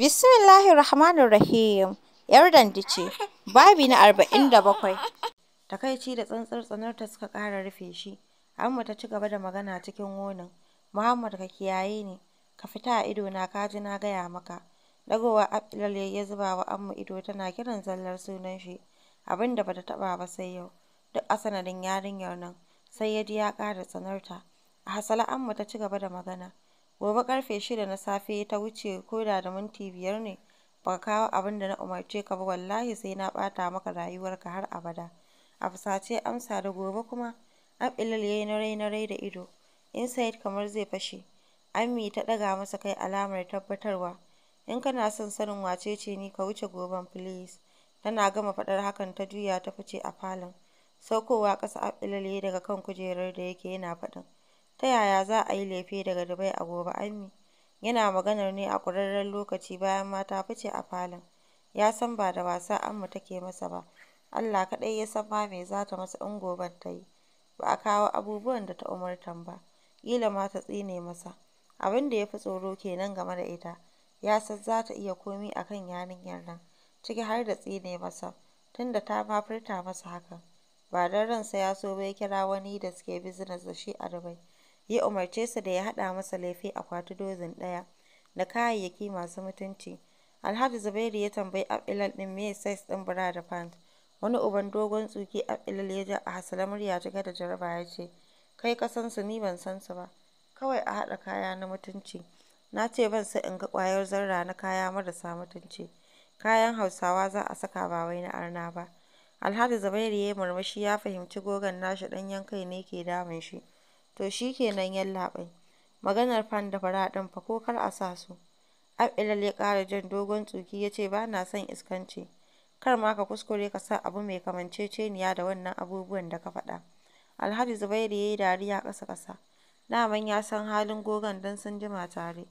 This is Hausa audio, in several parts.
Bismillahir Rahmanir Rahim. ‘Yar dandi ce, babi na arba'in da bakwai. Takaici da tsantsar tsanarta suka ƙara rufe shi. Amma ta ci gaba da magana cikin wonin. Muhammad ka kiyaye ni, ka fita a ido na kaji na na gaya maka. Dagowa Abdul ya zuba wa Amma ido tana kiran zallar sunan shi, abinda bata taɓa ba sai yau. Duk a sanadin yarinyar nan, sai ya ji ya ƙara tsanarta. A hasala Amma ta ci gaba da magana. Gobe karfe shida na safe ta wuce ko da da minti biyar ne ba ka kawo abin da na umarce ka ba wallahi sai na bata maka rayuwarka har abada. A fusace amsa da gobe kuma. Abdullal ya yi na rai da ido. In kamar zai fashe. Ammi ta daga masa kai alamar tabbatarwa. In kana son sanin wacece ni ka wuce goben please. Tana gama faɗar hakan ta juya ta fice a falon. Saukowa kasa Abdullal ya daga kan kujerar da yake yana faɗin. Ta yaya za a yi lefe daga Dubai a gobe Ami? Yana maganar ne a ƙurarren lokaci bayan mata fice a falon. Ya san ba da wasa Amma take masa ba. Allah kaɗai ya san ma me za ta masa in goben ta yi. Ba a kawo abubuwan da ta umartan ba. Ƙila ma ta tsine masa. Abin da ya fi tsoro kenan game da ita. Ya san za ta iya komi akan kan yarinyar nan, ciki har da tsine masa, tunda ta ma masa hakan. Ba don ransa ya so ba ya kira wani da suke bizines da shi a Dubai. ya umarce su da ya haɗa masa laifi a akwati dozin ɗaya da kayayyaki masu mutunci. Alhaji Zubairu ya tambayi Abdullahi ɗin me size ɗin bra da pant. Wani uban dogon tsuki Abdullahi ya ja a hasala murya cike da jaraba ya ce, Kai kasan su ni ban san su ba, kawai a haɗa kaya na mutunci. Na ce ban sai in ga kwayar zarra na kaya marasa mutunci. Kayan Hausawa za a saka ba wai na arna ba. Alhaji Zubairu ya yi murmushi ya fahimci gogan nashi ɗanyen kai ne ke damun shi. To shi kenan yallaɓai, maganar fan da fara ɗin fa ko kar a sa su. Abelal ya ƙara jan dogon tsuki ya ce ba na son iskance. kar ma ka kuskure ka sa abu mai kamanceceniya da wannan abubuwan da ka faɗa. Alhaji Zubairu ya yi dariya ƙasa-ƙasa, daman ya san halin gogon don sun jima tare.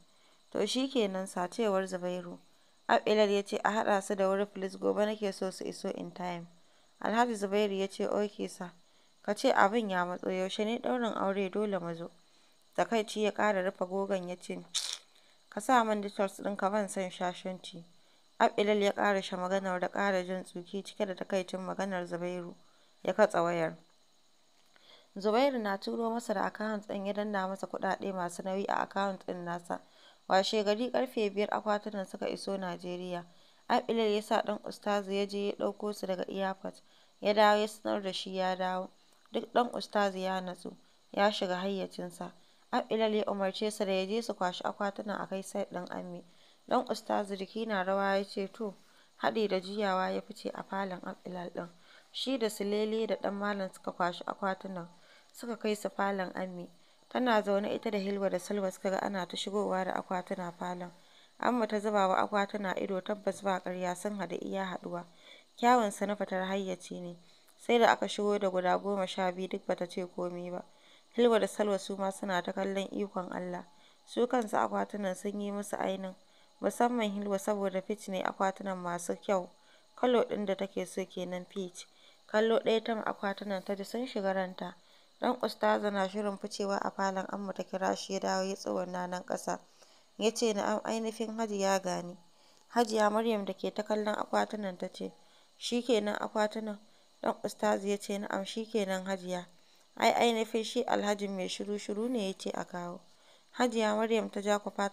To shi kenan sacewar Zubairu. Abelal ya ce a haɗa su da wuri filis gobe nake so su iso in time. Alhaji Zubairu ya ce oke sa, ka ce abin ya matso yaushe ne ɗaurin aure dole mu zo. Takaici ya ƙara rufe gogon ya ce, ka sa min ɗin ka ban san shashanci. Abilal ya shi maganar da ƙara jin tsuki cike da takaicin maganar Zubairu ya katsa wayar. Zubairu na turo masa da akawunt ɗin ya danna masa kuɗaɗe masu nauyi a akawunt ɗin nasa. Washe gari karfe biyar akwatunan suka iso Najeriya. Abilal ya sa ɗan ustazu ya je ya ɗauko su daga airport. Ya dawo ya sanar da shi ya dawo. duk ɗan ustazi ya natsu, ya shiga hayyacinsa. Ab'ilal ya umarce sa da ya je su kwashi akwatuna a kai sai ɗin Ammi. Ɗan ustazi riki na rawa ya ce to, haɗi da juyawa ya fice a falon Ab'ilal ɗin. Shi da Silele da ɗan Malam suka kwashi akwatunan, suka kai su falon Ammi. Tana zaune ita da Hilwa da Salwa suka ga ana ta shigowa da akwatuna falon. Amma ta zuba wa akwatuna ido tabbas ba karya sun haɗu iya haɗuwa. Kyawunsa na tar hayyaci ne. sai da aka shigo da guda goma sha biyu duk bata ce komai ba. Hilwa da Salwa su ma suna ta kallon ikon Allah. Su kansu akwatunan sun yi musu ainin, musamman Hilwa saboda fit ne akwatunan masu kyau. Kalo ɗin da take so kenan fit. Kallo ɗaya ta akwatunan ta ji sun shiga ranta. Dan ustaza na shirin ficewa a falon amma ta kira shi ya dawo ya tsawon nan ƙasa. Ya ce na'am ainihin Hajiya gani. Hajiya Maryam da ke ta kallon akwatunan ta ce, shi kenan akwatunan Ɗan ustazi ya ce na'am shi kenan hajiya. Ai ainihin shi alhaji mai shiru-shiru ne ya ce a kawo. Hajiya Maryam ta ja kwafa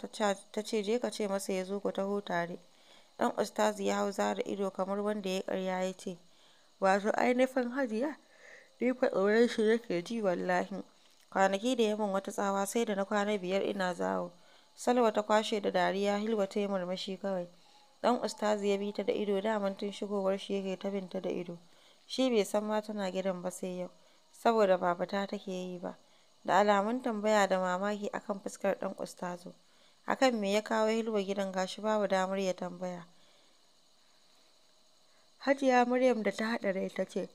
ta ce je ka ce masa ya zo ku taho tare. Ɗan ustazi ya hau zara ido kamar wanda ya karya ya ce, wato ainihin hajiya ni fa tsoron shi ke ji wallahi. Kwanaki da yamin wata tsawa sai da na kwana biyar ina zawo. Salwa ta kwashe da dariya Hilwa ta yi murmushi kawai. Ɗan ustazi ya bi ta da ido daman tun shigowar shi yake ta binta da ido. Shi bai san ma tana gidan ba sai yau, saboda ba fita take yi ba. Da alamun tambaya da mamaki akan fuskar dan ustazu. Hakan me ya kawo Hilwa gidan gashi babu damar ya tambaya. Hajiya Maryam da ta haɗa rai ta ce,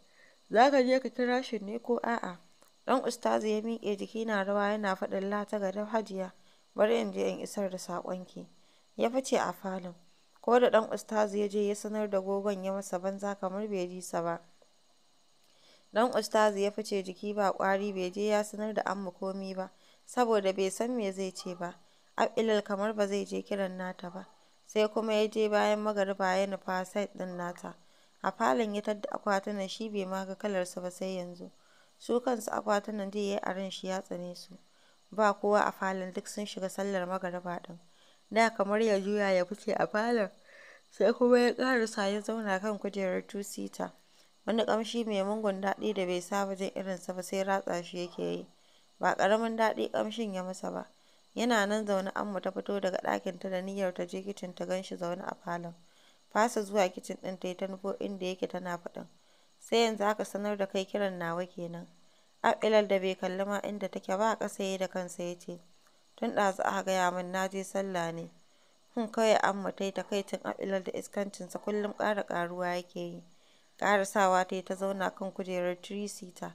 Za ka je ka kira shi ne ko a'a? Dan ustazu ya miƙe jiki na rawa yana faɗin lata ga da hajiya. Bari in je in isar da saƙonki. Ya fice a falon. Ko da dan ustazu ya je ya sanar da gogon ya masa banza kamar bai ji sa ba. Don Ustazi ya fice jiki ba kwari bai je ya sanar da Amma komi ba, saboda bai san me zai ce ba. Ab'ilal kamar ba zai je kiran nata ba, sai kuma ya je bayan magariba ya nufa site ɗin nata. A falon ya tadda akwatunan shi bai ma ga kalarsu ba sai yanzu. Su kansu akwatunan dai yayi yi shi ya tsane su. Ba kowa a falon duk sun shiga sallar magariba din. Da kamar ya juya ya fice a falon, sai kuma ya karasa ya zauna kan kujerar two-seater. wani kamshi mai mugun daɗi da bai saba jin irinsa ba sai ratsa shi yake yi, ba karamin daɗi kamshin ya masa ba. Yana nan zaune amma ta fito daga ɗakinta da niyyar ta je kicin ta ganshi zaune a falon. Fasa zuwa kicin ɗin ta ta nufo inda yake tana faɗin. Sai yanzu aka sanar da kai kiran nawa kenan. Abilal da bai kalli ma inda take ba ƙasa ya da kansa yace ce, Tun ɗazu aka gaya min na je sallah ne. Hun kawai Amma ta yi takaicin Abilal da iskancinsa kullum ƙara ƙaruwa yake yi. karasawa ta yi ta zauna kan kujerar tirisita.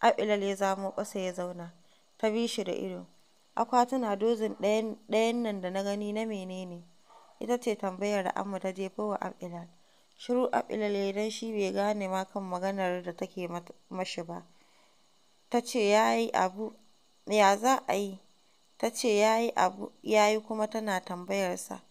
Abelard ya zamo ƙasa ya zauna. Ta bi shi da ido. Akwatuna dozin ɗayan nan da na gani na menene Ita ce tambayar da Amma ta jefo wa abilal Shiru abilal ya dan shi bai gane ma kan maganar da take mashi ba. Ta ce ya yi abu, ya za a yi? Ta ce ya yi abu, ya yi kuma tana tambayarsa.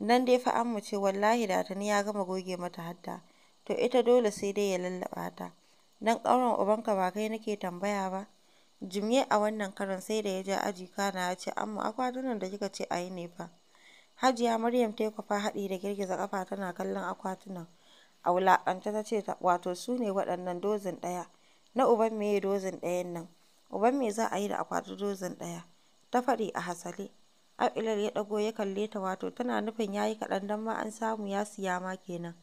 Nan dai fa Amma ce wallahi da tuni ya gama goge mata hadda. to ita dole sai dai ya lallaɓa ta. Dan ƙauren ubanka ba kai nake tambaya ba. Jimye a wannan karan sai da ya ja aji kana ya ce amma akwatunan da kika ce a yi ne fa. Hajiya Maryam ta kwafa haɗi da girgiza ƙafa tana kallon akwatunan. A wulaƙanta ta ce wato su ne waɗannan dozin ɗaya. Na uban meye dozin ɗayan nan? Uban me za a yi da akwati dozin ɗaya? Ta faɗi a hasale. Abilar ya ɗago ya kalle ta wato tana nufin ya yi kaɗan don ma an samu ya siya ma kenan.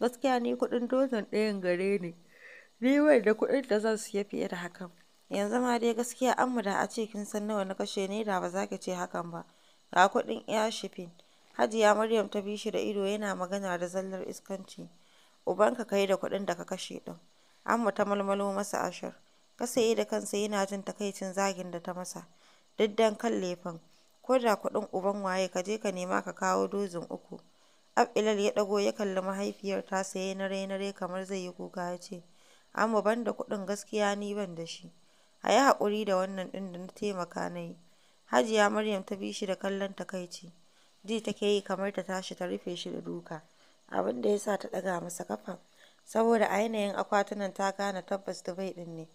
gaskiya ni kuɗin dozin ɗayan gare ne. ni wai da kuɗin da zan siya fiye da hakan yanzu ma dai gaskiya amma da a ce kin san nawa na kashe ne da ba za ki ce hakan ba ga kuɗin airshipin hajiya maryam ta bi shi da ido yana magana da zallar iskanci ubanka kai da kuɗin da ka kashe ɗin amma ta malmalo masa ashir kasaye da kansa yana jin takaicin zagin da ta masa duk dan kan laifin. ko da kuɗin uban waye ka je ka nema ka kawo dozin uku Abdullahi ya ɗago ya kalli mahaifiyar tasa na rene-rene kamar zai yi kuka ya ce, "Amma ban da kuɗin gaskiya ni ban da shi. A yi haƙuri da wannan ɗin da na taimaka na yi." Hajiya Maryam ta bi shi da kallon takaici. Ji take yi kamar ta tashi ta rufe shi da duka. Abin da ya sa ta ɗaga masa kafa. Saboda a yanayin akwatunan ta gane tabbas Dubai ɗin ne.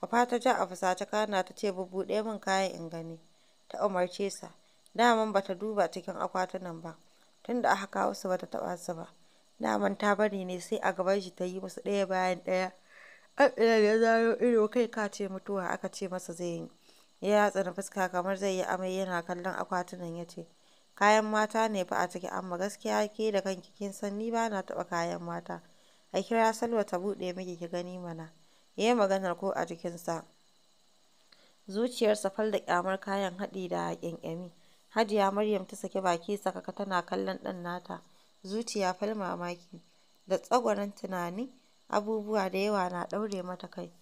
Kwafa ta ja a fusace kana ta ce ɗaya min kayan in gani. Ta umarce sa. Daman bata duba cikin akwatunan ba. tunda aka kawo su bata taba su ba daman ta bari ne sai a gaban shi ta yi musu ɗaya bayan ɗaya Abdulal ya zaro ido kai ka ce mutuwa aka ce masa zai yi ya yatsa na fuska kamar zai yi amai yana kallon akwatunan ya ce kayan mata ne fa a ciki amma gaskiya ke da kanki kin san ni ba na taɓa kayan mata a kira salwa ta buɗe miki ki gani mana ya yi maganar ko a jikinsa zuciyarsa fal da kyamar kayan haɗi da ƙyanƙyami Hajiya Maryam ta saki baki sakaka tana kallon ɗan nata, zuciya fal mamaki, da tsagwaron tunani, abubuwa da yawa na ɗaure mata kai.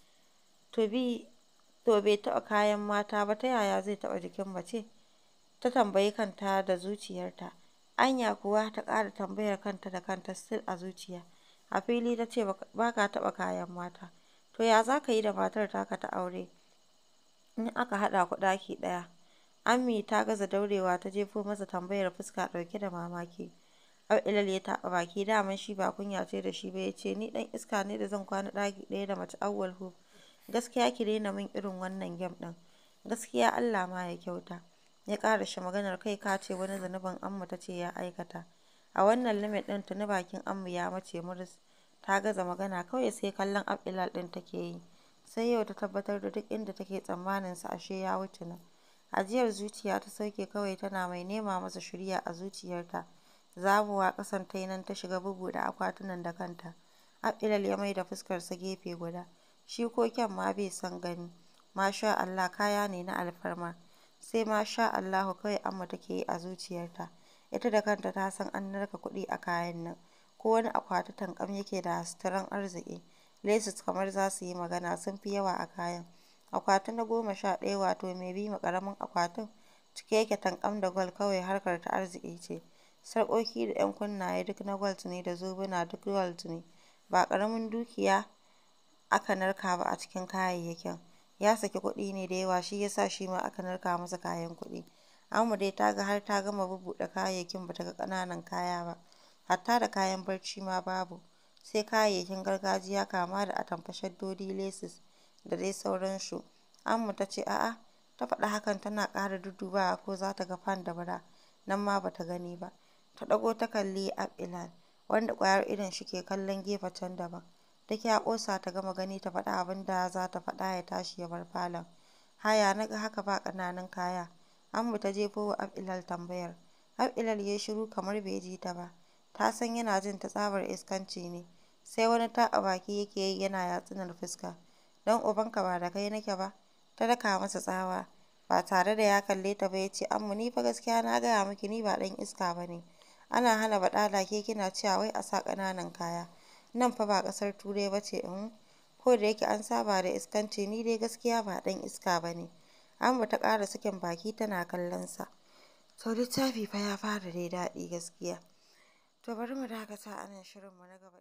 To bi to bai taɓa kayan mata ba ta yaya zai taɓa jikin mace? Ta tambayi kanta da zuciyarta. Anya kuwa ta ƙara tambayar kanta da kanta still a zuciya. A fili ta ce ba ka taɓa kayan mata. To ya za ka yi da matar taka ta aure in aka haɗa ku ɗaki ɗaya? Ammi ta gaza daurewa ta jefo masa tambayar fuska dauke da mamaki. Abdullal ya taɓa baki daman shi ba kunya ce da shi ba ya ce ni ɗan iska ne da zan kwana daki ɗaya da mace awwal hu. Gaskiya ki daina min irin wannan gem din Gaskiya Allah ma ya kyauta. Ya kara shi maganar kai ka ce wani zanuban Amma ta ce ya aikata. A wannan limit ɗin tuni bakin Amma ya mace muris. Ta gaza magana kawai sai kallon Abdullal din take yi. Sai yau ta tabbatar da duk inda take tsammanin sa ashe ya wuce nan. Ajiyar zuciya ta sauke kawai tana mai nema masa shirya a zuciyarta. zabuwa ƙasan tai nan ta shiga bugu da akwatunan da kanta. Abdilal ya fuskar sa gefe guda. Shi ko kyan ma bai san gani. Masha Allah kaya ne na alfarma. Sai masha Allahu kawai Amma take yi a zuciyarta. Ita da kanta ta san an narka kuɗi a kayan nan. Ko wani akwatutan kam yake da suturan arziki. lasis kamar za su yi magana sun fi yawa a kayan. Akwati na goma sha ɗaya wato mai bi ma ƙaramin akwatin, cike yake tankam da gwal kawai harkar ta arziki ce. Sarƙoƙi da 'yan kunnaye duk na gwal ne da zobuna duk gol ne. Ba ƙaramin dukiya aka narka ba a cikin kayayyakin. Ya saki kuɗi ne da yawa shi yasa shi ma aka narka masa kayan kuɗi. Ammu dai ta ga har ta gama bubbuɗe kayayyakin ba ta ga ƙananan kaya ba. Hatta da kayan barci ma babu. Sai kayayyakin gargajiya kama da atamfa, shaddodi, lesis da dai sauransu. amma ta ce a'a, ta faɗa hakan tana ƙara ba ko za ta ga fan da bara nan ma ba ta gani ba. Ta ɗago ta kalli Ab'ilal, wanda ƙwayar idon shi ke kallon gefe can daban. Duk ya ƙosa ta gama gani ta faɗa abin da za ta faɗa ya tashi ya bar falon. Haya na ga haka ba ƙananan kaya. amma ta jefo wa Ab'ilal tambayar. Ab'ilal ya shiru kamar bai ji ta ba. Ta san yana jin ta tsabar iskanci ne. Sai wani ta a baki yake yi yana yatsunar fuska. don ubanka ba da kai nake ba ta daka masa tsawa ba tare da ya kalle ta ba ya ce amma ni fa gaskiya na gaya miki ni ba ɗan iska ba ne ana hana baɗala ke kina cewa wai a sa ƙananan kaya nan fa ba ƙasar turai ba ce in uhm. ko da yake an saba da iskanci ni dai gaskiya ba ɗan iska ba ne amma ta ƙara sakin baki tana kallon sa to littafi fa ya fara dai daɗi gaskiya to bari mu dakata a nan mu na gaba